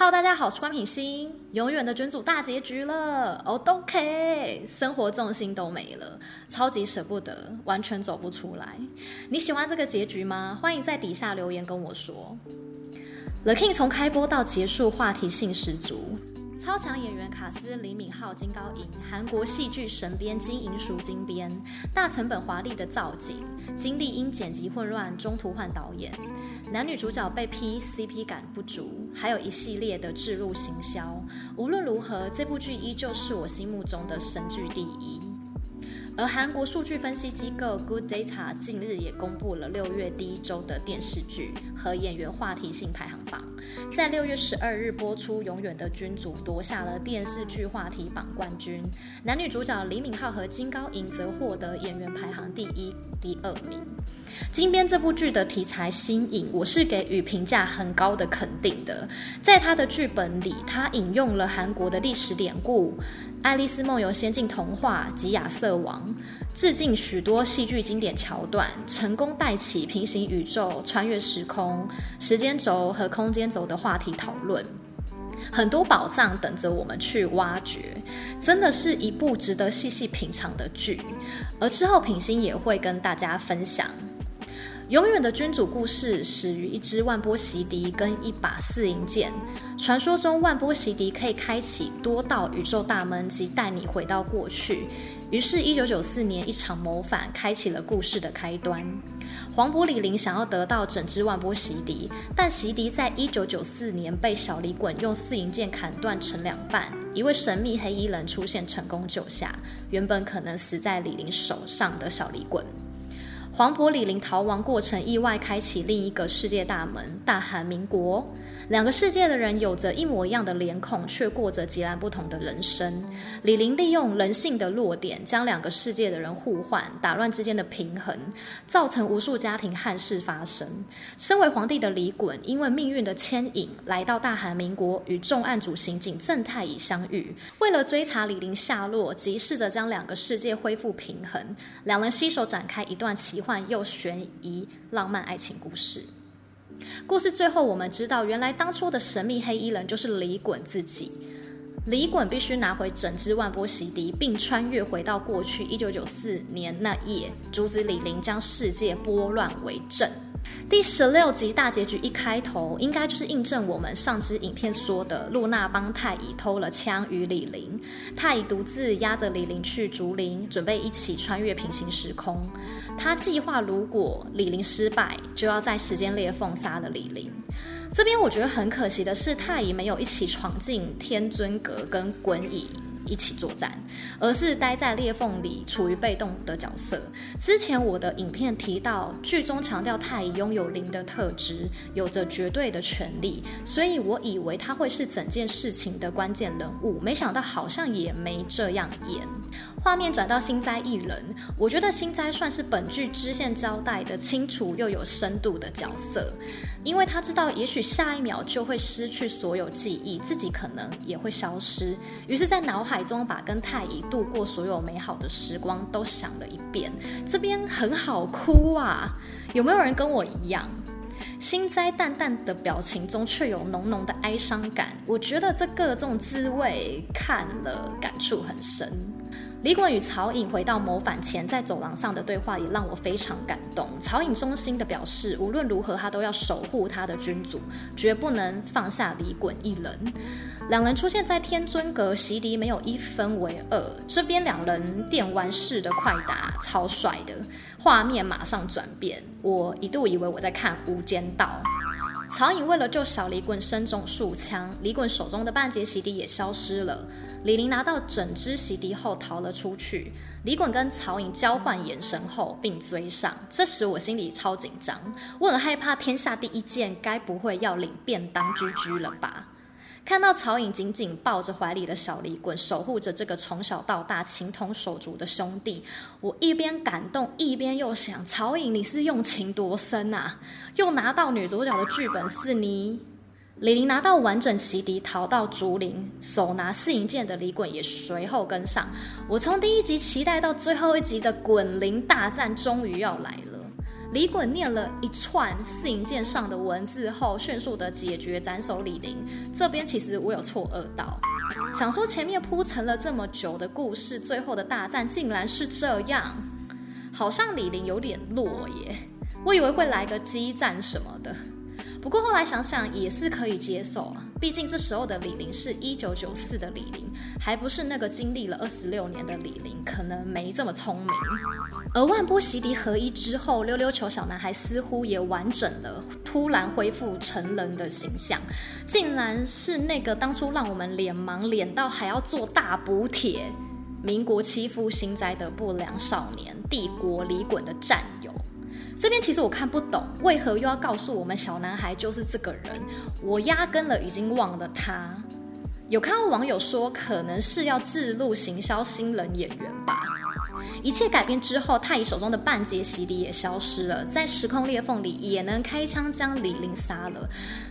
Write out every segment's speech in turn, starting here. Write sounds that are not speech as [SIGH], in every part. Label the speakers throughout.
Speaker 1: 好，哈嘍大家好，我是官品心。永遠的君主大結局了，哦，OK，生活重心都沒了，超級捨不得，完全走不出來。你喜歡這個結局嗎？歡迎在底下留言跟我說。The King 從開播到結束，話題性十足。超強演員卡斯，李敏鎬、金高銀，韓國戲劇神編金銀淑金編，大成本華麗的造景，經歷因剪輯混亂中途換導演，男女主角被批 CP 感不足，還有一系列的置入行銷。無論如何，這部劇依舊是我心目中的神劇第一。而韓國數據分析機構 Good Data 近日也公布了六月第一周的電視劇和演員話題性排行榜，在六月十二日播出《永遠的君主》，奪下了電視劇話題榜冠軍。男女主角李敏鎬和金高銀則獲得演員排行第一、第二名。金編這部劇的題材新穎，我是給予評價很高的肯定的。在他的劇本裡，他引用了韓國的歷史典故《愛麗絲夢遊仙境》童話及亞瑟王。致敬許多戲劇經典橋段，成功帶起平行宇宙、穿越時空、時間軸和空間軸的話題討論。很多寶藏等着我們去挖掘，真的是一部值得細細品嘗的劇。而之後品心也會跟大家分享。永遠的君主故事始於一支萬波息笛跟一把四寅劍，傳說中，萬波息笛可以開啟多道宇宙大門及帶你回到過去。於是，一九九四年一場謀反開啟了故事的開端。黃渤李林想要得到整支萬波息笛，但息笛在一九九四年被小李袞用四寅劍砍斷成兩半。一位神秘黑衣人出現，成功救下原本可能死在李林手上的小李袞。皇伯李林逃亡過程意外開啟另一個世界大門——大韓民國。兩個世界的人有着一模一樣的臉孔，卻過着截然不同的人生。李林利用人性的弱點，將兩個世界的人互換，打亂之間的平衡，造成無數家庭憾事發生。身為皇帝的李袞，因為命運的牽引，來到大韓民國，與重案組刑警鄭泰乙相遇。為了追查李林下落，及試着將兩個世界恢復平衡，兩人攜手展開一段奇幻又懸疑浪漫愛情故事，故事最後我們知道，原來當初的神秘黑衣人就是李袞自己。李袞必須拿回整支萬波息笛，並穿越回到過去一九九四年那夜，阻止李林將世界撥亂為正。第十六集大結局一開頭，應該就是印證我們上支影片說的，露娜幫太乙偷了槍與李林，太乙獨自押着李林去竹林，準備一起穿越平行時空。他計劃如果李林失敗，就要在時間裂縫殺了李林。這邊我覺得很可惜的是，太乙沒有一起闖進天尊閣跟袞一一起作戰，而是待在裂縫裡，處於被動的角色。之前我的影片提到，劇中強調太乙擁有靈的特質，有着絕對的權力，所以我以為他會是整件事情的關鍵人物，沒想到好像也沒這樣演。畫面轉到心齋一人，我覺得心齋算是本劇支線交代的清楚又有深度的角色，因為他知道也許下一秒就會失去所有記憶，自己可能也會消失，於是，在腦海中把跟太乙度過所有美好的時光都想了一遍。這邊很好哭啊，有沒有人跟我一樣？心齋淡淡的表情中卻有濃濃的哀傷感，我覺得這個這種滋味看了感觸很深。李袞與曹穎回到謀反前在走廊上的對話也讓我非常感動。曹穎忠心的表示，無論如何他都要守護他的君主，絕不能放下李袞一人。兩人出現在天尊閣，息笛沒有一分為二，這邊兩人電玩式的快打，超帥的，畫面馬上轉變。我一度以為我在看《無間道》。曹穎為了救小李袞身中數槍，李袞手中的半截息笛也消失了。李陵拿到整支息笛後逃了出去，李袞跟曹穎交換眼神後並追上。這時我心裡超緊張，我很害怕天下第一劍該不會要領便當 GG 了吧？看到曹穎緊緊抱着懷裡的小李衮，守護着這個從小到大情同手足的兄弟，我一邊感動一邊又想：曹穎你是用情多深啊？又拿到女主角的劇本是你。李林拿到完整息笛，逃到竹林，手拿四銀劍的李袞也隨後跟上。我從第一集期待到最後一集的袞林大戰終於要來了。李袞念了一串四銀劍上的文字後，迅速的解決斬首李林。這邊其實我有錯愕到，想說前面鋪陳了這麼久的故事，最後的大戰竟然是這樣，好像李林有點弱耶。我以為會來個激戰什麼的。不過後來想想也是可以接受啊，畢竟這時候的李林是一九九四的李林，還不是那個經歷了二十六年的李林，可能沒這麼聰明。而萬波息笛合一之後，溜溜球小男孩似乎也完整了，突然恢復成人的形象，竟然是那個當初讓我們臉盲臉到還要做大補帖，民國欺負新仔的不良少年，帝國李袞的戰友。這邊其實我看不懂，為何又要告訴我們小男孩就是這個人？我壓根了已經忘了他。有看到網友說，可能是要置入行銷新人演員吧。一切改變之後，太乙手中的半截息笛也消失了，在時空裂縫裡也能開槍將李霖殺了。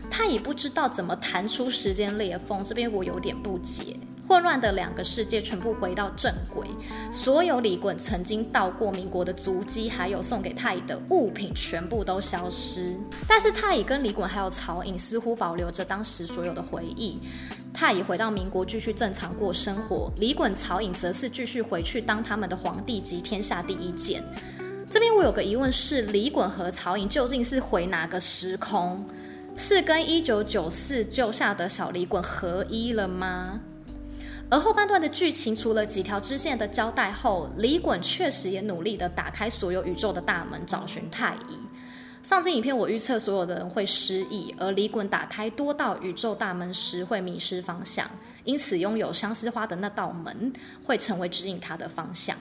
Speaker 1: 太乙不知道怎麼彈出時間裂縫，這邊我有點不解。混亂的兩個世界全部回到正軌，所有李袞曾經到過民國的足跡，還有送給太乙的物品全部都消失。但是太乙跟李袞還有曹穎似乎保留着當時所有的回憶。太乙回到民國繼續正常過生活，李袞、曹穎則是繼續回去當他們的皇帝及天下第一劍。這邊我有個疑問是：李袞和曹穎究竟是回哪個時空？是跟一九九四救下的小李袞合一了嗎？而後半段的劇情，除了幾條支線的交代後，李袞確實也努力地打開所有宇宙的大門，找尋太乙。上集影片我預測所有的人會失憶，而李袞打開多道宇宙大門時會迷失方向，因此擁有相思花的那道門會成為指引他的方向。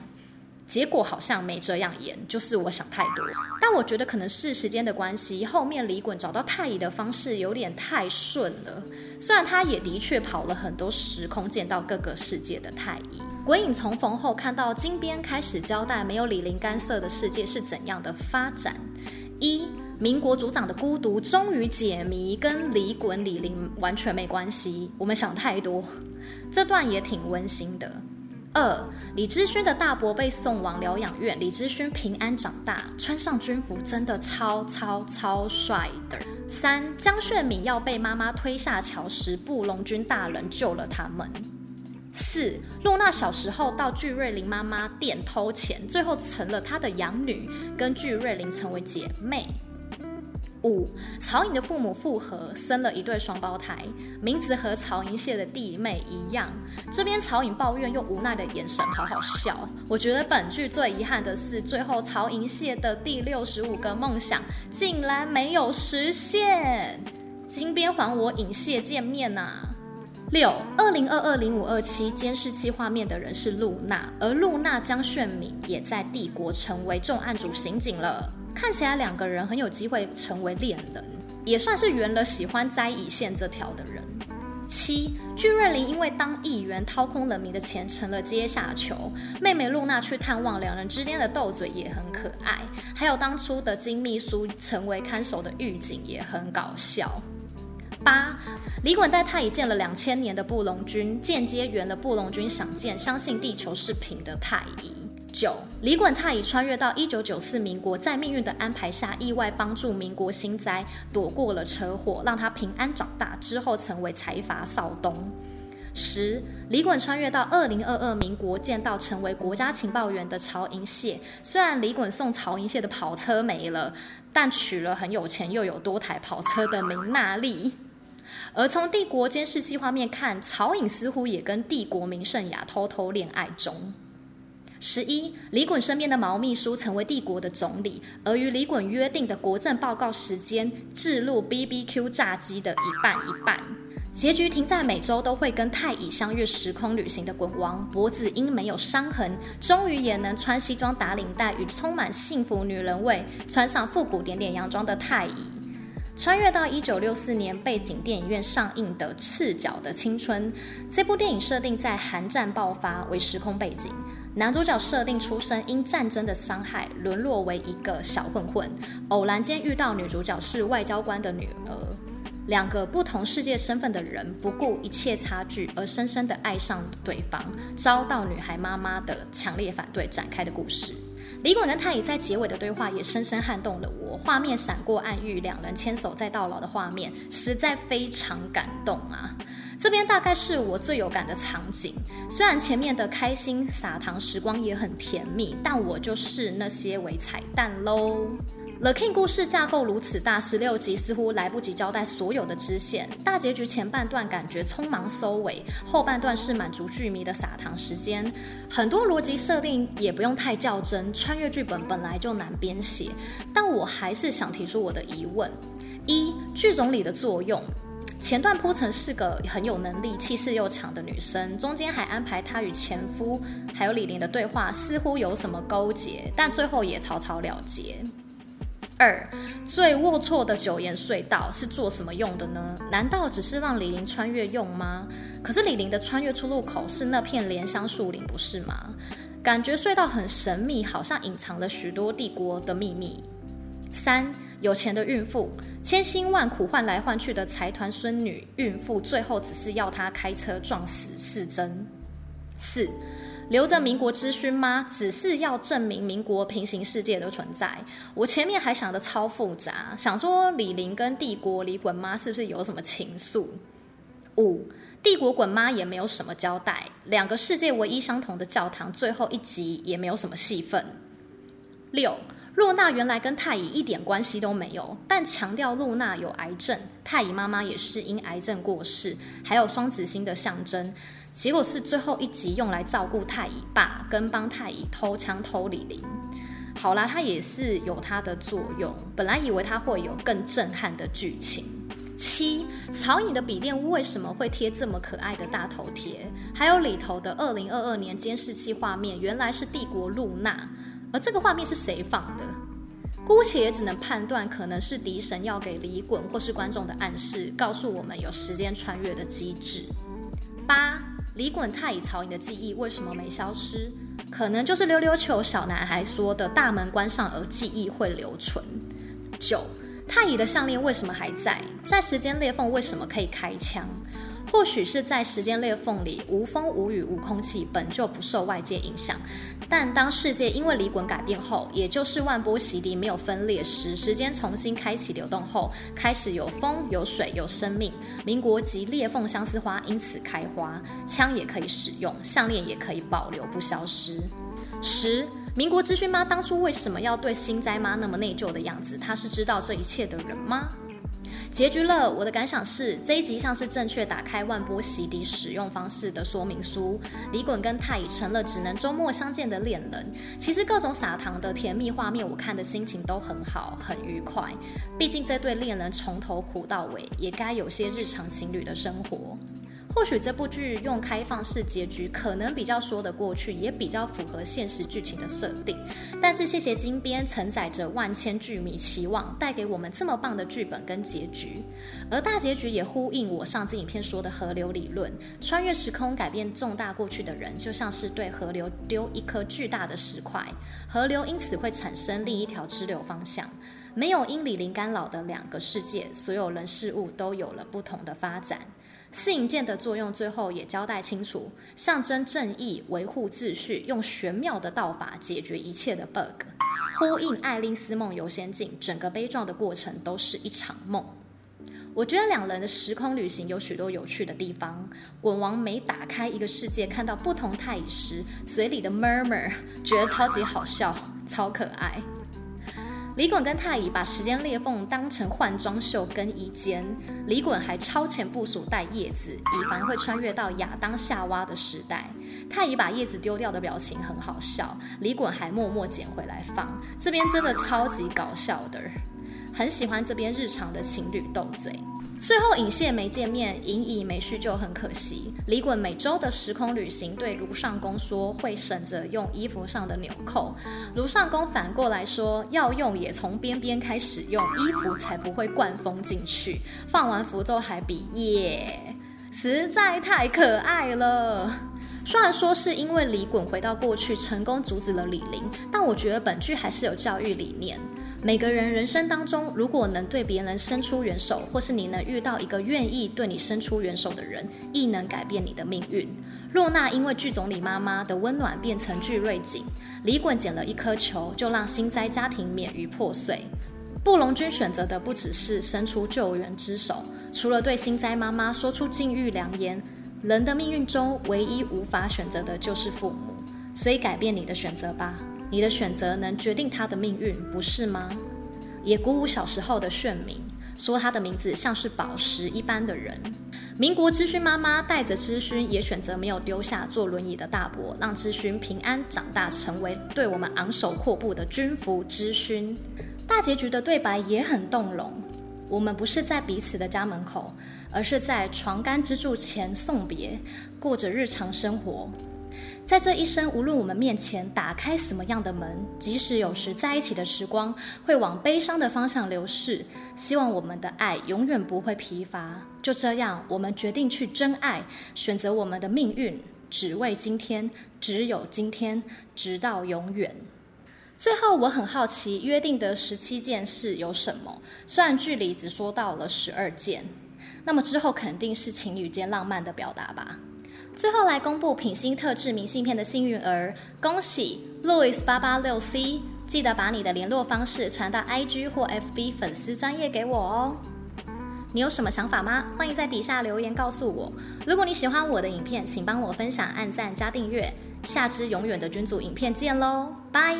Speaker 1: 結果好像沒這樣演，就是我想太多。但我覺得可能是時間的關係，後面李衮找到太乙的方式有點太順了。雖然他也的確跑了很多時空，見到各個世界的太乙。鬼影重逢後，看到金編開始交代沒有李林干涉的世界是怎樣的發展。一，民國組長的孤獨終於解謎，跟李衮、李林完全沒關係。我們想太多，這段也挺溫馨的。二，李知勳的大伯被送往療養院，李知勳平安長大，穿上軍服真的超超超帥的。三，江炫敏要被媽媽推下橋時，布隆軍大人救了他們。四，露娜小時候到具瑞林媽媽店偷錢，最後成了他的養女，跟具瑞林成為姐妹。五，曹穎的父母復合，生了一對雙胞胎，名字和曹穎燮的弟妹一樣。這邊曹穎抱怨用無奈的眼神，好好笑。我覺得本劇最遺憾的是，最後曹穎燮的第六十五個夢想竟然沒有實現。金編還我穎燮見面吶、啊。六，二零二二零五二七監視器畫面的人是露娜，而露娜江炫敏也在帝國成為重案組刑警了。看起來兩個人很有機會成為戀人，也算是圓了喜歡摘一線這條的人。七，具瑞林因為當議員掏空人民的錢成了階下囚，妹妹露娜去探望，兩人之間的鬥嘴也很可愛。還有當初的金秘書成為看守的獄警也很搞笑。八，李衮帶太乙見了兩千年的布隆軍，間接圓了布隆軍想見相信地球是平的太乙。九李滾他已穿越到一九九四民國，在命運的安排下，意外幫助民國信宰躲過了車禍，讓他平安長大之後成為財閥少東。十李滾穿越到二零二二民國，見到成為國家情報員的曹銀蟹，雖然李滾送曹銀蟹的跑車沒了，但娶了很有錢又有多台跑車的明娜麗。而從帝國監視器畫面看，曹穎似乎也跟帝國明聖雅偷偷偷戀愛中。十一，李衮身邊的毛秘書成為帝國的總理，而與李衮約定的國政報告時間，置入 BBQ 炸雞的一半一半。結局停在每周都會跟太乙相約時空旅行的衮王，脖子因沒有傷痕，終於也能穿西裝打領帶，與充滿幸福女人味，穿上復古點點洋裝的太乙，穿越到一九六四年背景電影院上映的《赤腳的青春》。這部電影設定在韓戰爆發為時空背景。男主角設定出身因戰爭的傷害，淪落為一個小混混，偶然間遇到女主角是外交官的女兒，兩個不同世界身份的人不顧一切差距而深深的愛上對方，遭到女孩媽媽的強烈反對，展開的故事。李袞跟太乙在結尾的對話也深深撼動了我，畫面閃過暗喻，兩人牽手再到老的畫面，實在非常感動啊。這邊大概是我最有感的場景，雖然前面的開心撒糖時光也很甜蜜，但我就是那些偽彩蛋嘍。The King 故事架構如此大，十六集似乎來不及交代所有的支線，大結局前半段感覺匆忙收尾，後半段是滿足劇迷的撒糖時間。很多邏輯設定也不用太較真，穿越劇本本來就難編寫，但我還是想提出我的疑問：一，劇總理的作用。前段鋪陳是個很有能力、氣勢又強的女生，中間還安排她與前夫還有李林的對話，似乎有什麼勾結，但最後也草草了結。二，最齷齪的九岩隧道是做什麼用的呢？難道只是讓李林穿越用嗎？可是李林的穿越出入口是那片蓮香樹林，不是嗎？感覺隧道很神秘，好像隱藏了許多帝國的秘密。三。有錢的孕婦，千辛萬苦換來換去的財團孫女孕婦，最後只是要她開車撞死世珍。四，留着民國志勳嗎？只是要證明民國平行世界的存在。我前面還想的超複雜，想說李霖跟帝國李袞媽是不是有什麼情愫？五，帝國袞媽也沒有什麼交代。兩個世界唯一相同的教堂，最後一集也沒有什麼戲份。六。露娜原來跟太乙一點關係都沒有，但強調露娜有癌症，太乙媽媽也是因癌症過世，還有雙子星的象徵，結果是最後一集用來照顧太乙爸跟幫太乙偷槍偷李林。好啦，他也是有他的作用。本來以為他會有更震撼的劇情。七，曹穎的筆電屋為什麼會貼這麼可愛的大頭貼？還有裡頭的二零二二年監視器畫面，原來是帝國露娜。而這個畫面是誰放的？姑且也只能判斷，可能是狄神要給李袞或是觀眾的暗示，告訴我們有時間穿越的機制。八，李袞、太乙、曺永的記憶為什麼沒消失？可能就是溜溜球小男孩說的大門關上而記憶會留存。九，太乙的項鏈為什麼還在？在時間裂縫為什麼可以開槍？或許是在時間裂縫裡，無風無雨無空氣，本就不受外界影響。但當世界因為李袞改變後，也就是萬波息笛沒有分裂時，時間重新開啟流動後，開始有風有水有生命。民國及裂縫相思花因此開花，槍也可以使用，項鏈也可以保留不消失。十，民國資訊媽當初為什麼要對信宰媽那麼內疚的樣子？她是知道這一切的人嗎？結局了，我的感想是這一集像是正確打開萬波息笛使用方式的說明書。李袞跟太乙成了只能周末相見的戀人，其實各種撒糖的甜蜜畫面，我看的心情都很好，很愉快。畢竟這對戀人從頭苦到尾，也該有些日常情侶的生活。或許這部劇用開放式結局可能比較說得過去，也比較符合現實劇情的設定。但是，謝謝金編承載着萬千劇迷期望，帶給我們這麼棒的劇本跟結局。而大結局也呼應我上次影片說的河流理論：穿越時空改變重大過去的人，就像是對河流丟一顆巨大的石塊，河流因此會產生另一條支流方向。沒有因李林干擾的兩個世界，所有人事物都有了不同的發展。四影劍的作用最後也交代清楚，象徵正義，維護秩序，用玄妙的道法解決一切的 bug， [NOISE] 呼應《愛麗絲夢遊仙境》，整個悲壯的過程都是一場夢。我覺得兩人的時空旅行有許多有趣的地方。滾王每打開一個世界，看到不同太乙時，嘴裡的 murmur，覺得超級好笑，超可愛。李袞跟太乙把時間裂縫當成換裝秀跟更衣間，李袞還超前部署帶葉子，以防會穿越到亞當夏娃的時代。太乙把葉子丟掉的表情很好笑，李袞還默默撿回來放，這邊真的超級搞笑的，很喜歡這邊日常的情侶鬥嘴。最後，影謝沒見面，影乙沒敘舊，很可惜。李衮每週的時空旅行，對盧尚宮說會省着用衣服上的紐扣。盧尚宮反過來說要用也從邊邊開始用，衣服才不會灌風進去。放完符咒還比耶，實在太可愛了。雖然說是因為李衮回到過去成功阻止了李林，但我覺得本劇還是有教育理念。每個人人生當中，如果能對別人伸出援手，或是你能遇到一個願意對你伸出援手的人，亦能改變你的命運。若娜因為具總理媽媽的溫暖變成具瑞景，李滾撿了一顆球就讓心災家庭免於破碎。布隆君選擇的不只是伸出救援之手，除了對心災媽媽說出金玉良言，人的命運中唯一無法選擇的就是父母，所以改變你的選擇吧。你的選擇能決定他的命運，不是嗎？也鼓舞小時候的炫明，說他的名字像是寶石一般的人。民國之勳媽媽帶着之勳，也選擇沒有丟下坐輪椅的大伯，讓之勳平安長大，成為對我們昂首闊步的軍服之勳。大結局的對白也很動容，我們不是在彼此的家門口，而是在床杆支柱前送別，過着日常生活。在這一生，無論我們面前打開什麼樣的門，即使有時在一起的時光會往悲傷的方向流逝，希望我們的愛永遠不會疲乏。就這樣，我們決定去真愛，選擇我們的命運，只為今天，只有今天，直到永遠。最後，我很好奇，約定的十七件事有什麼？雖然劇裡只說到了十二件，那麼之後肯定是情侶間浪漫的表達吧。最後來公布品心特製明信片的幸運兒，恭喜 Louis 八八六 C，記得把你的聯絡方式傳到 IG 或 FB 粉絲專頁給我哦。你有什麼想法嗎？歡迎在底下留言告訴我。如果你喜歡我的影片，請幫我分享、按讚、加訂閱。下支《永遠的君主》影片見嘍，拜。